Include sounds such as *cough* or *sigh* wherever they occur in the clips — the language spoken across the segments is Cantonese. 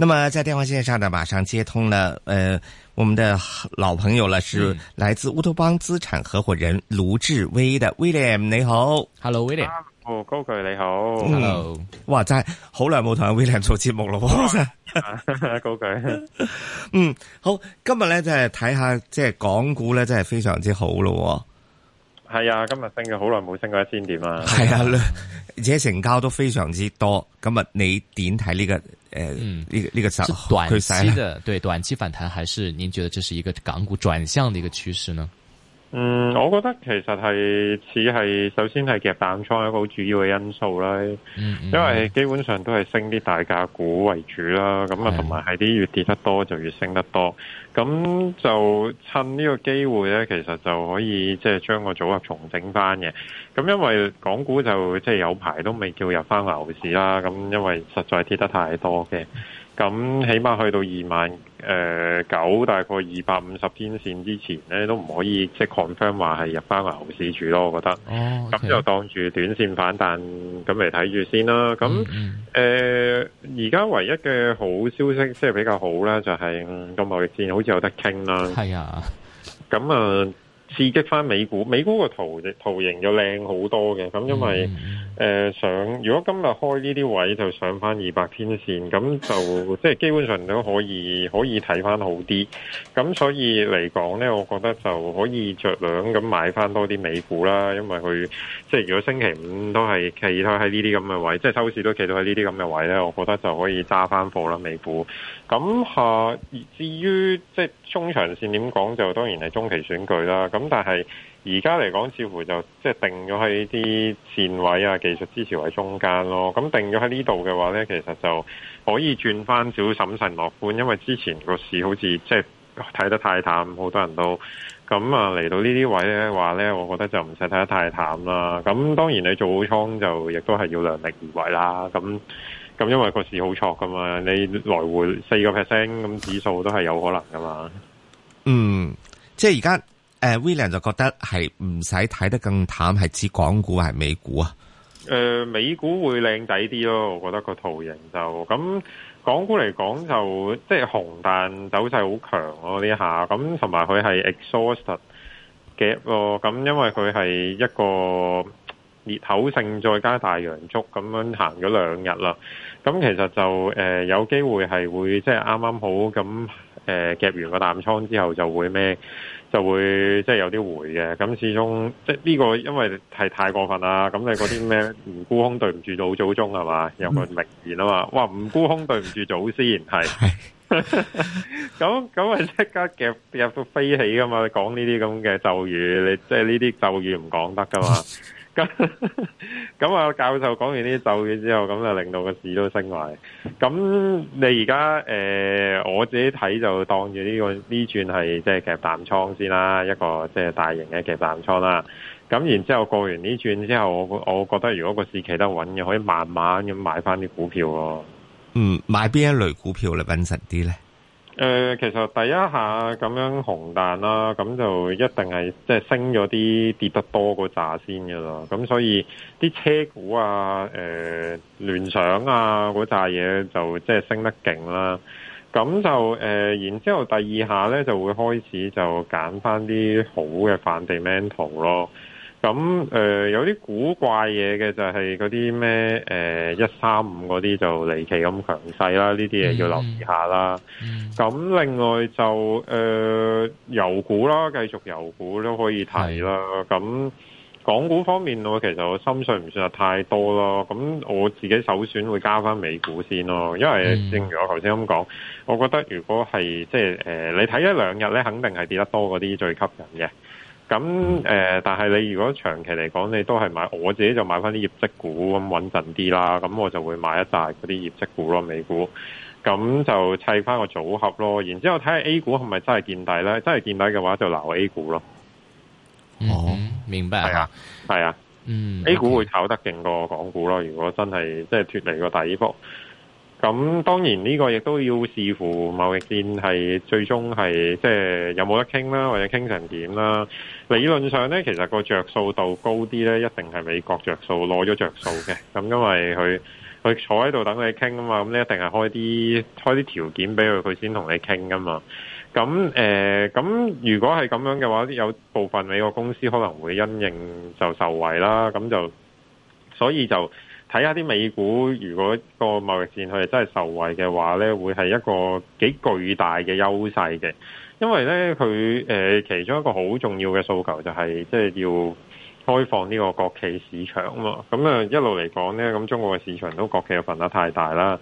那麼在電話線上呢，馬上接通了，誒、呃，我們的老朋友了，是來自烏托邦資產合伙人盧志威的 William，你好，Hello William，哦高佢你好，Hello，哇真係好耐冇同阿 William 做節目咯，高 *laughs* 佢、 *laughs* 嗯，嗯好，今日咧真係睇下即係港股咧真係非常之好咯，係啊，今日升咗好耐冇升過一千點啊，係啊，而且成交都非常之多，今日你點睇呢、呢個？誒，嗯，一個一個長短期的，對短期反彈，還是您覺得這是一個港股轉向的一個趨勢呢？嗯，我覺得其實係似係首先係夾淡倉一個好主要嘅因素啦、嗯嗯，因為基本上都係升啲大價股為主啦，咁啊同埋係啲越跌得多就越升得多，咁就趁呢個機會咧，其實就可以即係將個組合重整翻嘅，咁因為港股就即係有排都未叫入翻牛市啦，咁因為實在跌得太多嘅。咁起碼去到二萬誒九，大概二百五十天線之前咧，都唔可以即係 confirm 話係入翻個牛市住咯，我覺得。哦。咁就當住短線反彈咁嚟睇住先啦。咁誒，而、mm、家 -hmm. 呃、唯一嘅好消息即係、就是、比較好呢，就係、是、咁貿易戰好似有得傾啦。係、yeah. 啊。咁、呃、啊。刺激翻美股，美股個圖圖形就靚好多嘅，咁因為誒上、mm. 呃，如果今日開呢啲位就上翻二百天線，咁就即係基本上都可以可以睇翻好啲。咁所以嚟講呢，我覺得就可以着量咁買翻多啲美股啦，因為佢即係如果星期五都係企喺喺呢啲咁嘅位，即係收市都企到喺呢啲咁嘅位呢，我覺得就可以揸翻貨啦美股。咁下、啊、至於即係中長線點講，就當然係中期選舉啦。咁但係而家嚟講，似乎就即係定咗喺啲線位啊，技術支持位中間咯。咁定咗喺呢度嘅話呢，其實就可以轉翻少少審慎樂觀，因為之前個市好似即係睇得太淡，好多人都咁啊，嚟到呢啲位呢話呢，我覺得就唔使睇得太淡啦。咁當然你做好倉就亦都係要量力而為啦。咁咁因為個市好挫噶嘛，你來回四個 percent 咁指數都係有可能噶嘛。嗯，即係而家。誒，William 就覺得係唔使睇得更淡，係指港股還是美股啊？誒，美股會靚仔啲咯，我覺得個圖形就咁，港股嚟講就即係紅彈走勢好強咯呢下，咁同埋佢係 exhausted gap 咯，咁因為佢係一個裂口性再加大陽燭咁樣行咗兩日啦，咁其實就誒有機會係會即係啱啱好咁誒夾完個淡倉之後就會咩？就會即係有啲回嘅，咁始終即係呢個，因為係太過分啦。咁你嗰啲咩唔沽空對唔住老祖宗係嘛，有句名言啊嘛，哇唔沽空對唔住祖先係，咁咁啊即刻夾夾到飛起噶嘛，你講呢啲咁嘅咒語，你即係呢啲咒語唔講得噶嘛。咁咁啊！教授講完啲咒語之後，咁就令到個市都升埋。咁你而家誒，我自己睇就當住呢、呢個呢串係即係夾淡倉先啦，一個即係大型嘅夾淡倉啦。咁然之後過完呢串之後，我我覺得如果個市企得穩嘅，可以慢慢咁買翻啲股票咯。嗯，買邊一類股票嚟穩實啲咧？誒、呃，其實第一下咁樣紅彈啦，咁就一定係即係升咗啲跌得多嗰紮先㗎啦。咁所以啲車股啊、誒、呃、聯想啊嗰扎嘢就即係升得勁啦。咁就誒、呃，然之後第二下咧就會開始就揀翻啲好嘅 fundamental 咯。咁誒、呃、有啲古怪嘢嘅就係嗰啲咩誒一三五嗰啲就離奇咁強勢啦，呢啲嘢要留意下啦。咁、嗯嗯、另外就誒、呃、油股啦，繼續油股都可以睇啦。咁、嗯、港股方面我其實我心水唔算係太多咯。咁我自己首選會加返美股先咯，因為正如我頭先咁講，我覺得如果係即係誒你睇一兩日咧，肯定係跌得多嗰啲最吸引嘅。咁誒、呃，但係你如果長期嚟講，你都係買我自己就買翻啲業績股咁穩陣啲啦。咁我就會買一扎嗰啲業績股咯，美股。咁就砌翻個組合咯。然之後睇下 A 股係咪真係見底咧？真係見底嘅話，就留 A 股咯。哦，明白。係啊，係啊。嗯，A 股會炒得勁過港股咯。如果真係即係脫離個底幅。咁當然呢個亦都要視乎貿易戰係最終係即係有冇得傾啦，或者傾成點啦。理論上呢，其實個著數度高啲呢，一定係美國著數攞咗著數嘅。咁因為佢佢坐喺度等你傾啊嘛，咁你一定係開啲開啲條件俾佢，佢先同你傾噶嘛。咁誒，咁如果係咁樣嘅話，有部分美國公司可能會因應就受惠啦。咁就所以就。睇下啲美股，如果個貿易戰佢哋真係受惠嘅話呢，會係一個幾巨大嘅優勢嘅，因為呢，佢誒其中一個好重要嘅訴求就係即係要開放呢個國企市場啊嘛，咁啊一路嚟講呢，咁中國嘅市場都國企嘅份額太大啦。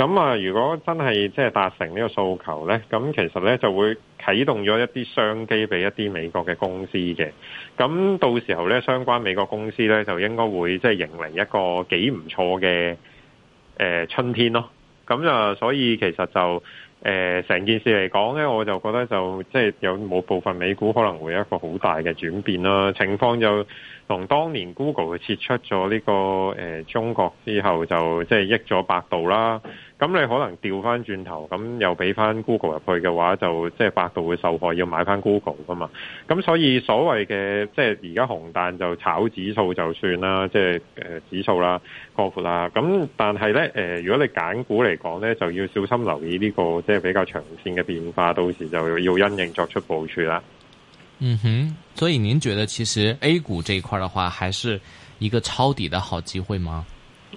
咁啊，如果真係即係達成呢個訴求咧，咁其實咧就會啟動咗一啲商機俾一啲美國嘅公司嘅。咁到時候咧，相關美國公司咧就應該會即係迎嚟一個幾唔錯嘅誒春天咯。咁啊，所以其實就誒成件事嚟講咧，我就覺得就即係有冇部分美股可能會有一個好大嘅轉變啦。情況就～同當年 Google 撤出咗呢、這個、呃、中國之後，就即係益咗百度啦。咁你可能調翻轉頭，咁又俾翻 Google 入去嘅話，就即係百度會受害，要買翻 Google 噶嘛。咁所以所謂嘅即係而家紅蛋就炒指數就算啦，即、就、係、是、指數啦、個股啦。咁但係咧、呃、如果你揀股嚟講咧，就要小心留意呢個即係比較長線嘅變化，到時就要因應作出部署啦。.嗯哼，所以您覺得其實 A 股這一塊的話，還是一個抄底的好機會嗎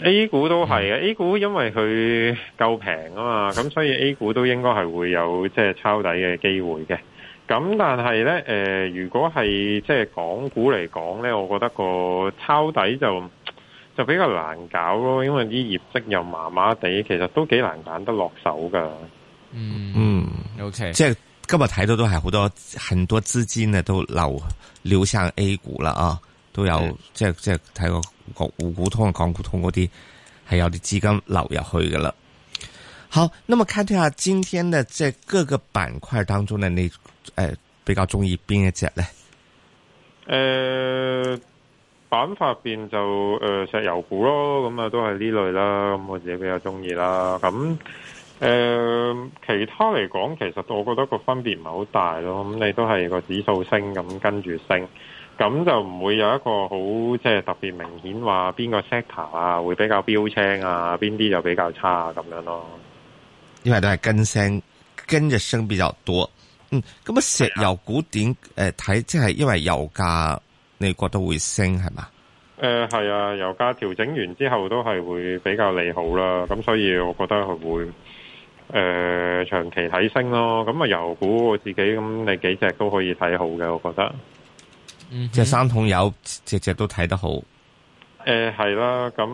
？A 股都係嘅，嗯，A 股因為佢夠平啊嘛，咁所以 A 股都應該係會有即係抄底嘅機會嘅。咁但係呢，誒，呃，如果係即係港股嚟講呢，我覺得個抄底就就比較難搞咯，因為啲業績又麻麻地，其實都幾難揀得落手噶。嗯，okay，嗯，O K，即係。今日睇到都係好多很多資金咧都流流向 A 股啦啊，都有即係即係睇過滬港通、港股通嗰啲係有啲資金流入去噶啦。好，那麼睇下今天呢，即係各個板塊當中呢，你誒、呃、比較中意邊一隻咧？誒、呃，板塊入邊就誒、呃、石油股咯，咁、嗯、啊都係呢類啦，咁、嗯、我自己比較中意啦，咁、嗯。誒、呃，其他嚟講，其實我覺得個分別唔係好大咯。咁、嗯、你都係個指數升咁跟住升，咁就唔會有一個好即係特別明顯話邊個 sector 啊會比較標青啊，邊啲又比較差咁、啊、樣咯、啊。因為都係跟升，跟住升比較多。嗯，咁啊，石油古典誒，睇即係因為油價你覺得會升係嘛？誒，係、呃、啊，油價調整完之後都係會比較利好啦。咁所以我覺得佢會。誒、呃，長期睇升咯，咁、嗯、啊，油股我自己咁你、嗯、幾隻都可以睇好嘅，我覺得。嗯。即係三桶油隻只都睇得好。誒、呃，係啦，咁、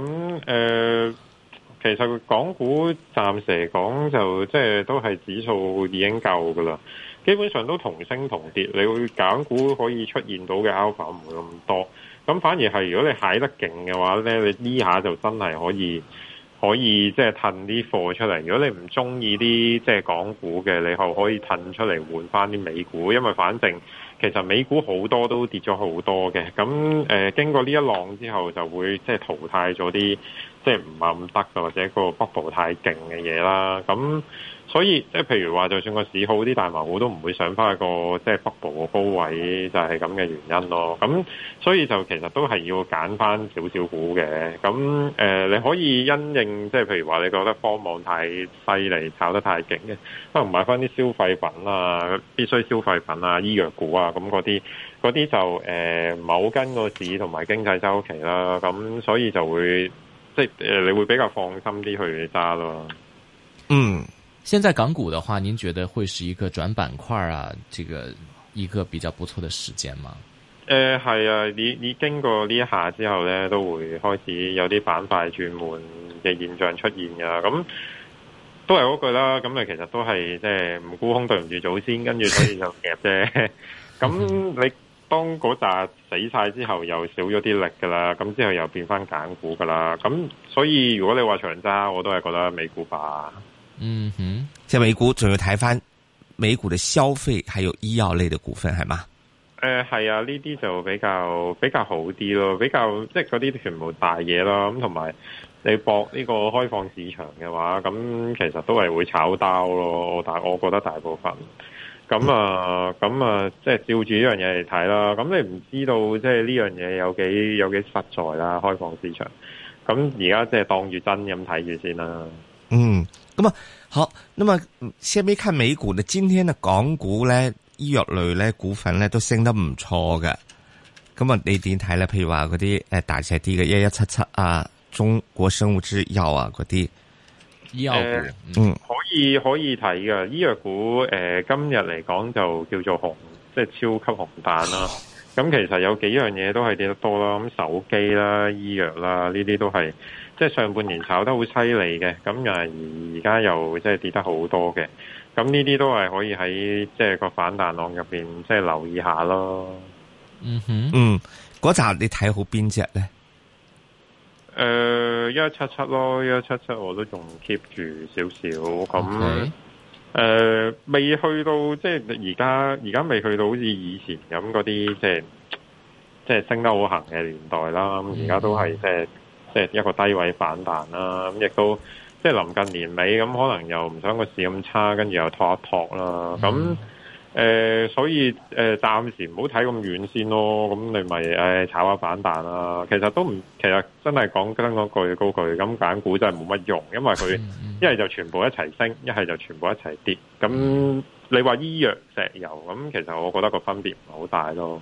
嗯、誒、呃，其實港股暫時嚟講，就即係都係指數已經夠噶啦，基本上都同升同跌。你會揀股可以出現到嘅 alpha 唔會咁多，咁反而係如果你踩得勁嘅話咧，你呢下就真係可以。可以即係褪啲貨出嚟。如果你唔中意啲即係港股嘅，你可可以褪出嚟換翻啲美股。因為反正其實美股好多都跌咗好多嘅。咁誒、呃，經過呢一浪之後，就會即係淘汰咗啲。即係唔係咁得㗎，或者個 bubble 太勁嘅嘢啦。咁所以即係譬如話，就算個市好啲，大麻冇都唔會上翻個即係 bubble 個個高位，就係咁嘅原因咯。咁所以就其實都係要揀翻少少股嘅。咁誒、呃，你可以因應，即係譬如話，你覺得科網太犀利，炒得太勁嘅，可能買翻啲消費品啊，必須消費品啊，醫藥股啊，咁嗰啲嗰啲就誒冇、呃、跟個市同埋經濟周期啦。咁所以就會。即誒、呃，你會比較放心啲去揸咯。嗯，現在港股的話，您覺得會是一個轉板塊啊，這個一個比較不錯的時間嗎？誒、呃、係啊，你你經過呢一下之後咧，都會開始有啲板塊轉換嘅現象出現噶。咁都係嗰句啦，咁你其實都係即係唔沽空對唔住祖先，跟住所以就夾啫。咁、 *laughs* *laughs* 嗯、你。當嗰扎死晒之後，又少咗啲力噶啦，咁之後又變翻揀股噶啦，咁所以如果你話長揸，我都係覺得美股吧。嗯哼，即係美股仲要睇翻美股嘅消費，還有醫藥類的股份係嘛？誒係、呃、啊，呢啲就比較比較好啲咯，比較即係嗰啲全部大嘢咯。咁同埋你搏呢個開放市場嘅話，咁其實都係會炒刀咯。但係我覺得大部分。咁啊，咁啊，即係照住呢樣嘢嚟睇啦。咁你唔知道，即係呢樣嘢有幾有幾實在啦？開放市場，咁而家即係當住真咁睇住先啦。嗯，咁、嗯、啊好，咁啊先俾看美股啦。今天的港股咧，醫藥類咧股份咧都升得唔錯嘅。咁啊，你點睇咧？譬如話嗰啲誒大隻啲嘅一一七七啊，中國生物製藥啊嗰啲。誒、呃，嗯可，可以可以睇嘅醫藥股，誒、呃，今日嚟講就叫做紅，即係超級紅彈啦、啊。咁其實有幾樣嘢都係跌得多啦，咁手機啦、醫藥啦呢啲都係，即係上半年炒得好犀利嘅，咁而家又即係跌得好多嘅。咁呢啲都係可以喺即係個反彈浪入邊，即係留意下咯。嗯哼，嗯，嗰集你睇好邊隻咧？誒一一七七咯，一一七七我都仲 keep 住少少咁，誒、okay。呃、未去到即係而家，而家未去到好似以前咁嗰啲，即係即係升得好行嘅年代啦。而家都係、yeah。即係即係一個低位反彈啦。咁亦都即係臨近年尾，咁可能又唔想個市咁差，跟住又托一托啦。咁、yeah。啊誒、呃，所以誒，暫、呃、時唔好睇咁遠先咯。咁你咪誒，炒下反彈啦、啊。其實都唔，其實真係講翻嗰句高句，咁揀股真係冇乜用，因為佢一係就全部一齊升，一係就全部一齊跌。咁你話醫藥、石油，咁其實我覺得個分別唔係好大咯。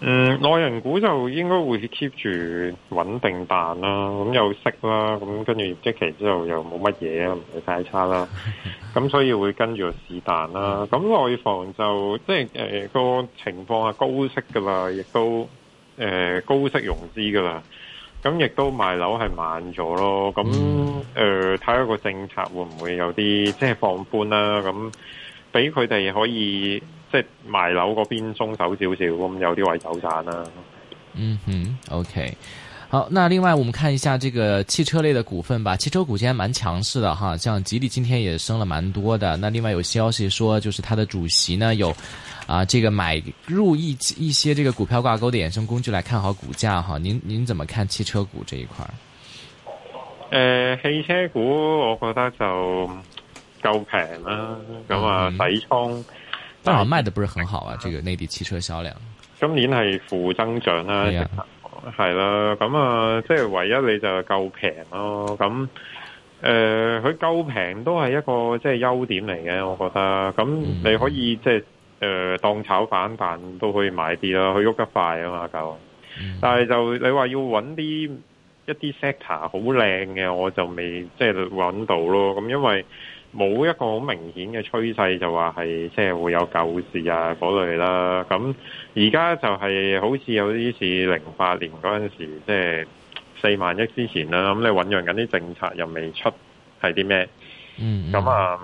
嗯，內人股就應該會 keep 住穩定彈啦，咁有息啦，咁跟住業績期之後又冇乜嘢啊，唔係太差啦，咁所以會跟住就是彈啦。咁內房就即係誒個情況係高息噶啦，亦都誒、呃、高息融資噶啦，咁亦都賣樓係慢咗咯。咁誒睇下個政策會唔會有啲即係放寬啦？咁。俾佢哋可以即係賣樓嗰邊鬆手少少咁，有啲位走散啦。嗯哼，OK。好，那另外我們看一下這個汽車類的股份吧。汽車股今天蠻強勢的哈，像吉利今天也升了蠻多的。那另外有消息說，就是它的主席呢有啊，這個買入一一些這個股票掛鈎的衍生工具來看好股價哈。您您怎麼看汽車股這一塊？誒、呃，汽車股我覺得就。夠平啦，咁啊，啊嗯、底倉，但係賣得不是很好啊，這個內地汽車銷量。今年係負增長啦、啊，係啦、啊，咁啊，啊，即係唯一你就夠平咯，咁，誒、呃，佢夠平都係一個即係優點嚟嘅，我覺得。咁你可以、嗯、即係，誒、呃，當炒反彈都可以買啲啦，佢喐得快啊嘛，就，但係就你話要搵啲一啲 sector 好靚嘅，我就未即係搵到咯，咁因為。冇一個好明顯嘅趨勢，就話係即係會有救市啊嗰類啦。咁而家就係、是、好似有啲似零八年嗰陣時，即係四萬億之前啦。咁、嗯、你醞釀緊啲政策又未出，係啲咩？嗯，咁、嗯、啊，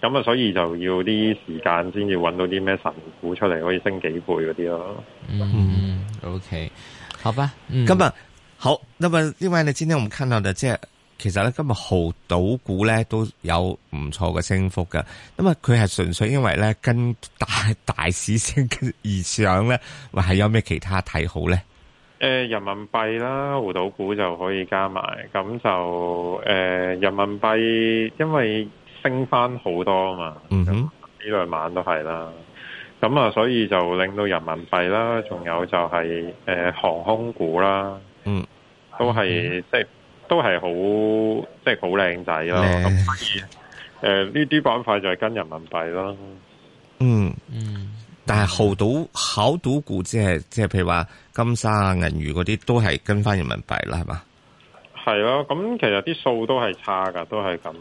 咁啊，所以就要啲時間先至揾到啲咩神股出嚟，可以升幾倍嗰啲咯。嗯，OK，好吧，咁、嗯、啊，好。那麼另外呢，今天我們看到的、這個其實咧今日濠賭股咧都有唔錯嘅升幅嘅，咁啊佢係純粹因為咧跟大大市升而上咧，或係有咩其他睇好咧？誒、呃，人民幣啦，濠賭股就可以加埋，咁就誒、呃、人民幣，因為升翻好多啊嘛，嗯呢兩晚都係啦，咁啊所以就令到人民幣啦，仲有就係、是、誒、呃、航空股啦，嗯，都係即係。嗯都係好，即係好靚仔咯。咁所以，誒呢啲板塊就係跟人民幣咯。嗯嗯，嗯。但係濠賭、濠賭股，即係即係，譬如話金沙銀娛、嗯嗯、啊、銀娛嗰啲，都係跟翻人民幣啦，係嘛？係咯，咁其實啲數都係差噶，都係咁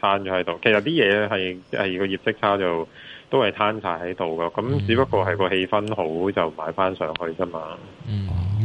攤咗喺度。其實啲嘢係係個業績差就都係攤晒喺度噶。咁只不過係個氣氛好就買翻上去啫嘛。嗯。嗯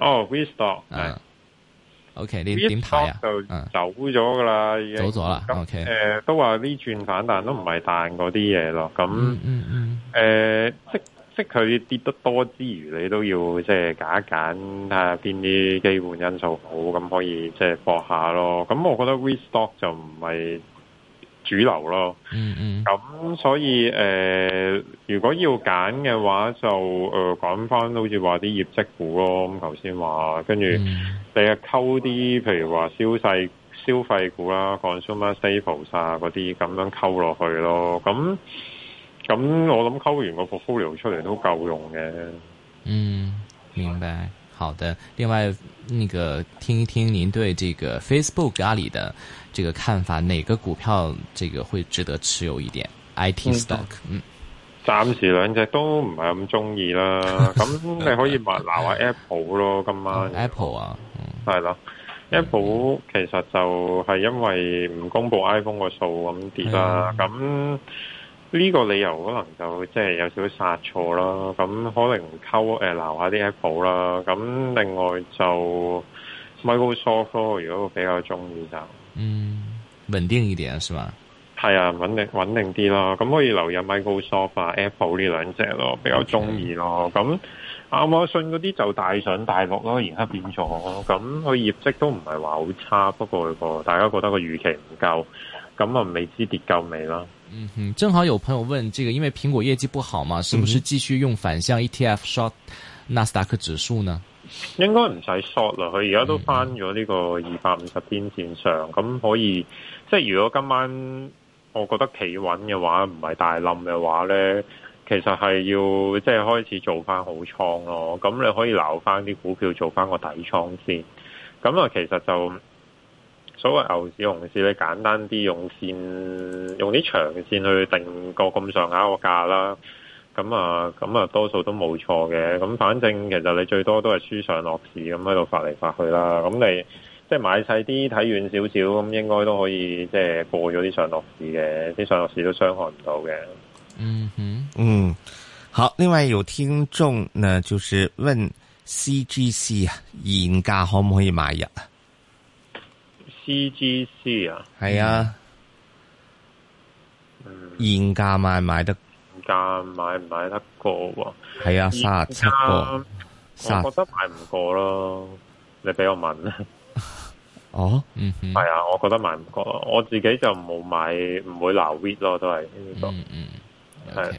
哦，restore，係、嗯、，OK，呢啲點睇啊？就走咗噶啦，已經走咗啦、嗯。OK，誒、呃，都話呢轉反彈都唔係彈嗰啲嘢咯。咁，嗯嗯，誒、嗯，即即佢跌得多之餘，你都要即係揀一揀，睇下邊啲基本因素好，咁可以即係博下咯。咁我覺得 restore 就唔係。主流咯，咁、嗯嗯嗯、所以誒、呃，如果要揀嘅話，就誒講返好似話啲業績股咯，咁頭先話，跟住、嗯、你係溝啲，譬如話消費消費股啦、啊、，consumer staples 啊嗰啲咁樣溝落去咯，咁咁我諗溝完個 folio 出嚟都夠用嘅。嗯，明白。好的，另外，那個聽一聽您對這個 Facebook 阿里的這個看法，哪個股票這個會值得持有一點？IT stock，嗯，暫時兩隻都唔係咁中意啦，咁 *laughs* 你可以鬧下 Apple 咯， *laughs* 今晚、嗯嗯、Apple 啊、嗯，係咯，Apple 其實就係因為唔公布 iPhone 個數咁跌啦，咁、嗯。呢個理由可能就即係有少少殺錯啦，咁可能溝誒鬧下啲 Apple 啦，咁另外就 Microsoft 如果我比較中意就嗯穩定一點是嘛？係啊，穩定穩定啲咯，咁可以留意 Microsoft 啊 Apple 呢兩隻咯，比較中意咯。咁亞馬遜嗰啲就大上大落咯，而家變咗，咁佢業績都唔係話好差，不過大家覺得個預期唔夠，咁啊未知跌夠未啦。嗯哼，正好有朋友問這個，因為蘋果業績不好嘛，是不是繼續用反向 ETF short 納斯達克指數呢？應該唔使 short 啦，佢而家都翻咗呢個二百五十天線上，咁、嗯嗯、可以即係如果今晚我覺得企穩嘅話，唔係大冧嘅話咧，其實係要即係開始做翻好倉咯。咁你可以留翻啲股票做翻個底倉先。咁啊，其實就。所謂牛市熊市，你簡單啲用線，用啲長線去定個咁上下個價啦。咁啊，咁啊，多數都冇錯嘅。咁反正其實你最多都係輸上落市咁喺度發嚟發去啦。咁你即係買細啲，睇遠少少，咁應該都可以即係過咗啲上落市嘅，啲上落市都傷害唔到嘅。嗯嗯嗯，好。另外有聽眾呢，就是問 CGC 啊，現價可唔可以買入？B G, G C 啊，係啊，現、嗯、價買買得，價買買得過喎，係啊，三十七個，我覺得買唔過咯，你俾我問啦，哦，係、 *laughs* 嗯、啊，我覺得買唔過，我自己就冇買，唔會流 w e t 咯，都係、這個，嗯嗯，係，Okay.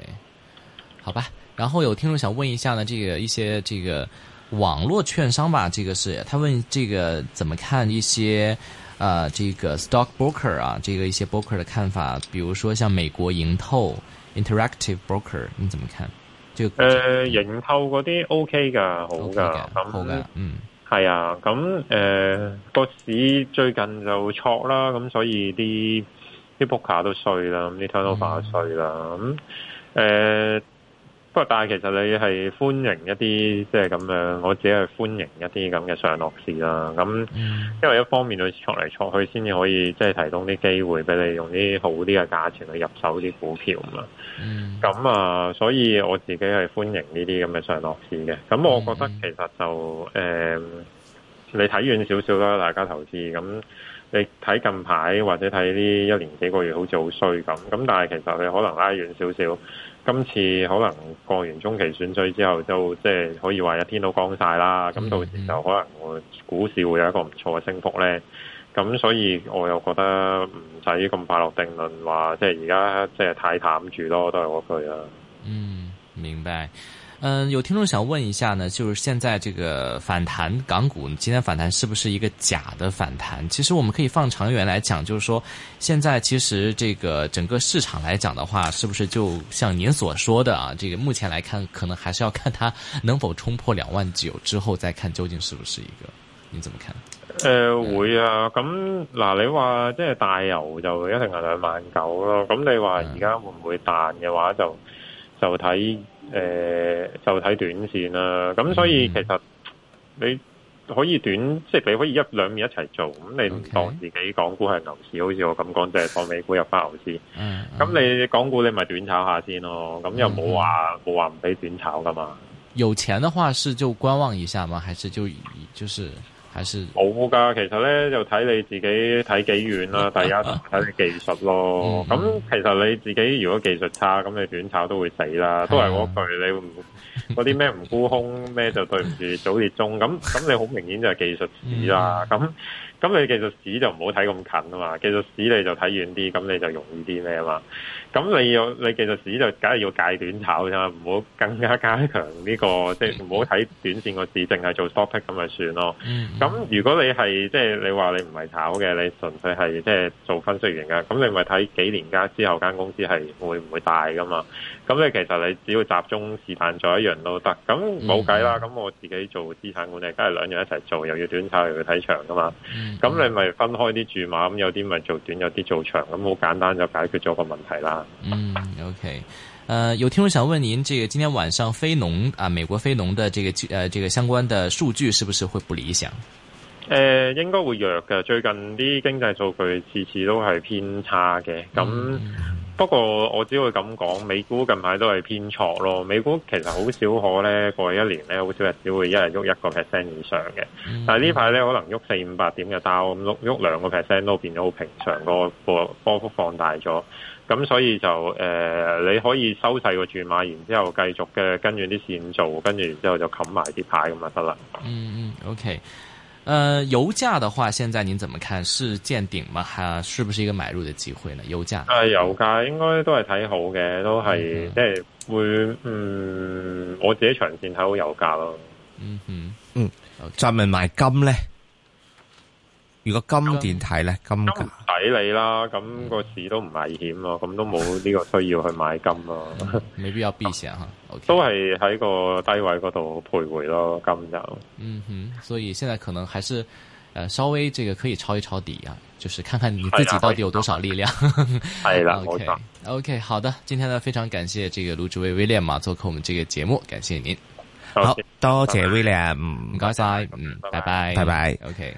好吧，然後有聽眾想問一下呢，這個一些這個網絡券商吧，這個是他問這個怎麼看一些。啊，這個 stockbroker 啊，這個一些 broker 的看法，比如說像美國盈透 Interactive Broker，你怎麼看？就、這、誒、個呃，盈透嗰啲 OK 噶，好噶，好、OK、噶，嗯，係、嗯、啊，咁誒，個、呃、市最近就挫啦，咁所以啲啲 broker 都衰啦，咁啲 turnover 衰啦，咁、嗯、誒。嗯呃不過但係其實你係歡迎一啲即係咁樣，我自己係歡迎一啲咁嘅上落市啦。咁因為一方面佢戳嚟，戳去，先至可以即係、就是、提供啲機會俾你用啲好啲嘅價錢去入手啲股票嘛。咁、嗯、啊，所以我自己係歡迎呢啲咁嘅上落市嘅。咁我覺得其實就誒、嗯呃，你睇遠少少啦，大家投資咁。你睇近排或者睇呢一年幾個月好似好衰咁，咁但係其實你可能拉遠少少，今次可能過完中期選舉之後，就即係可以話一天都光曬啦。咁到時就可能會股市會有一個唔錯嘅升幅呢。咁、嗯嗯、所以我又覺得唔使咁快落定論話，即係而家即係太淡住咯，都係嗰句啦，嗯，明白。嗯，有聽眾想問一下呢，就是現在這個反彈港股今天反彈是不是一個假的反彈？其實我們可以放長遠來講，就是說現在其實這個整個市場來講的話，是不是就像您所說的啊？這個目前來看，可能還是要看它能否衝破兩萬九之後再看究竟是不是一個？你怎麼看？呃，會啊，咁、嗯、嗱、嗯，你話即係大油就會一定係兩萬九咯，咁你話而家會唔會彈嘅話就？就睇誒、呃，就睇短線啦。咁所以其實你可以短，即、嗯、係、就是、你可以一兩面一齊做。咁你唔當自己港股係牛市，好、okay. 似我咁講，就係、是、放美股入翻牛市。咁、嗯嗯、你港股你咪短炒下先咯。咁又冇話冇話唔俾短炒噶嘛？有錢嘅話是就觀望一下嘛，還是就就是？冇噶，其實咧就睇你自己睇幾遠啦，大家睇你技術咯。咁、嗯、其實你自己如果技術差，咁你短炒都會死啦。都係嗰句，嗯、你唔嗰啲咩唔沽空咩就對唔住祖列宗。咁咁你好明顯就係技術市啦。咁、嗯。咁你其實市就唔好睇咁近啊嘛，其實市你就睇遠啲，咁你就容易啲咩啊嘛。咁你要你其實市就梗係要戒短炒啫，唔好更加加強呢個，即係唔好睇短線個市，淨係做 stock pick 咁咪算咯。咁、mm -hmm. 如果你係即係你話你唔係炒嘅，你純粹係即係做分析員嘅，咁你咪睇幾年間之後間公司係會唔會大噶嘛？咁你其實你只要集中試探做一樣都得，咁冇計啦。咁我自己做資產管理，梗係兩樣一齊做，又要短炒又要睇長㗎嘛。咁你咪分開啲注碼，咁有啲咪做短，有啲做長，咁好簡單就解決咗個問題啦。嗯，OK。誒、呃，有聽友想問您，呢這個今天晚上非農啊，美國非農的這個誒、呃，這個相關的數據是不是會不理想？誒、呃，應該會弱嘅。最近啲經濟數據次次都係偏差嘅，咁。嗯不過我只會咁講，美股近排都係偏錯咯。美股其實好少可咧過去一年咧，好少日子會一日喐一個 percent 以上嘅。Mm -hmm. 但係呢排咧可能喐四五百點嘅刀咁，喐喐兩個 percent 都變咗好平常，個波波幅放大咗。咁所以就誒、呃，你可以收細個注碼，然之後繼續嘅跟住啲線做，跟住然之後就冚埋啲牌咁就得啦。嗯、mm、嗯 -hmm.，OK。呃，油價的話，現在您怎麼看？是見頂嗎？還、啊、是不是一個買入的機會呢？油價？誒，油價應該都是睇好的都是、嗯、即是會嗯，我自己長線看好油價咯。嗯嗯嗯，專、嗯、門、Okay. 買金呢？如果金點睇咧，金抵你啦，咁、那個市都唔危險咯，咁都冇呢個需要去買金咯，未、嗯、必有避險啊，啊 okay、都係喺個低位嗰度徘徊咯，金油嗯哼，所以現在可能還是稍微這個可以抄一抄底啊，就是看看你自己到底有多少力量係啦 *laughs* ，OK OK 好的，今天呢非常感謝這個盧志威 William 嘛做客我們這個節目，感謝您好，好，好多謝 bye -bye. William，唔唔該晒，嗯，拜拜拜拜，拜，拜，拜，拜，OK。